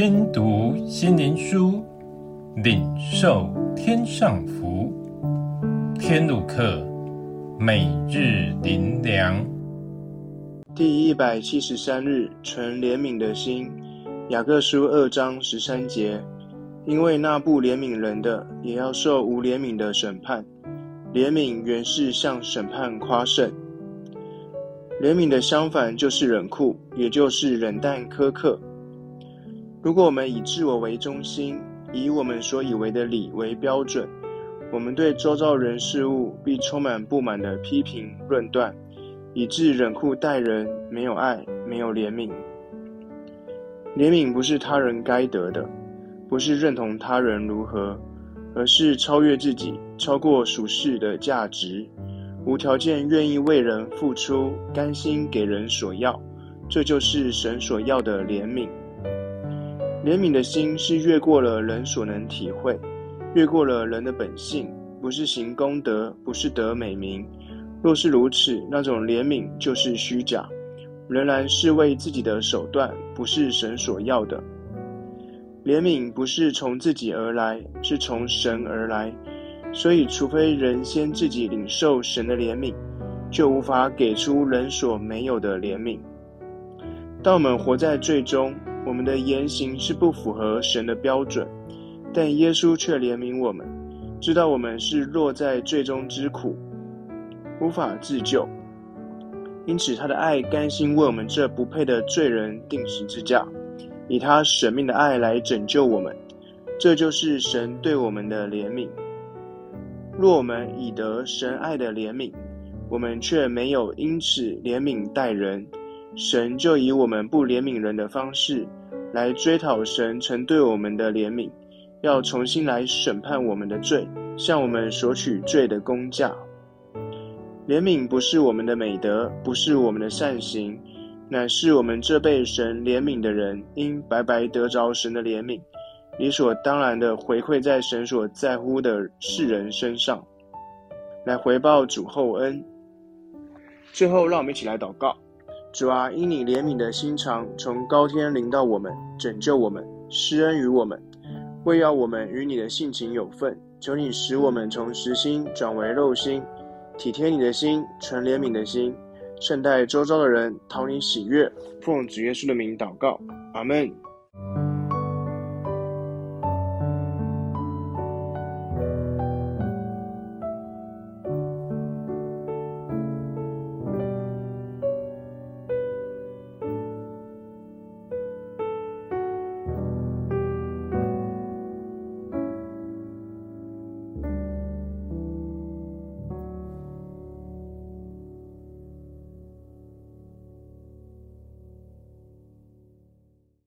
聽讀心靈書，領受天上福。天路客，每日靈糧。第一百七十三日，存憐憫的心。雅各書二章十三節：因為那不憐憫人的，也要受無憐憫的審判。憐憫原是向審判誇勝。憐憫的相反就是冷酷，也就是冷淡苛刻。如果我們以自我為中心，以我們所以為的理為標準，我們對周遭人事物必充滿不滿的批評論斷，以致冷酷待人，沒有愛，沒有憐憫。憐憫不是他人該得的，不是認同他人如何，而是超越自己，超過屬世的價值，無條件願意為人付出，甘心給人所要，這就是神所要的憐憫。憐憫的心是越過了人所能體會，越過了人的本性，不是行功德，不是得美名。若是如此，那種憐憫就是虛假，仍然是為自己的手段，不是神所要的。憐憫不是從自己而來，是從神而來。所以，除非人先自己領受神的憐憫，就無法給出人所沒有的憐憫。當我們活在罪中，我們的言行是不符合神的標準，但耶穌卻憐憫我們，知道我們是落在罪中之苦，無法自救，因此他的愛甘心為我們這不配的罪人釘十字架，以他捨命的愛來拯救我們。這就是神對我們的憐憫。若我們已得神愛的憐憫，我們卻沒有因此憐憫待人，神就以我們不憐憫人的方式，來追討神曾對我們的憐憫，要重新來審判我們的罪，向我們索取罪的工價。憐憫不是我們的美德，不是我們的善行，乃是我們這被神憐憫的人，因白白得着神的憐憫，理所當然的回饋在神所在乎的世人身上，來回報主厚恩。最後，讓我們一起來禱告。主啊！因你憐憫的心腸，從高天臨到我們，拯救我們，施恩於我們，為要我們與你的性情有份。求你使我們從石心轉為肉心，體貼你的心，存憐憫的心，善待周遭的人，討你喜悅。奉主耶穌的名禱告，阿門。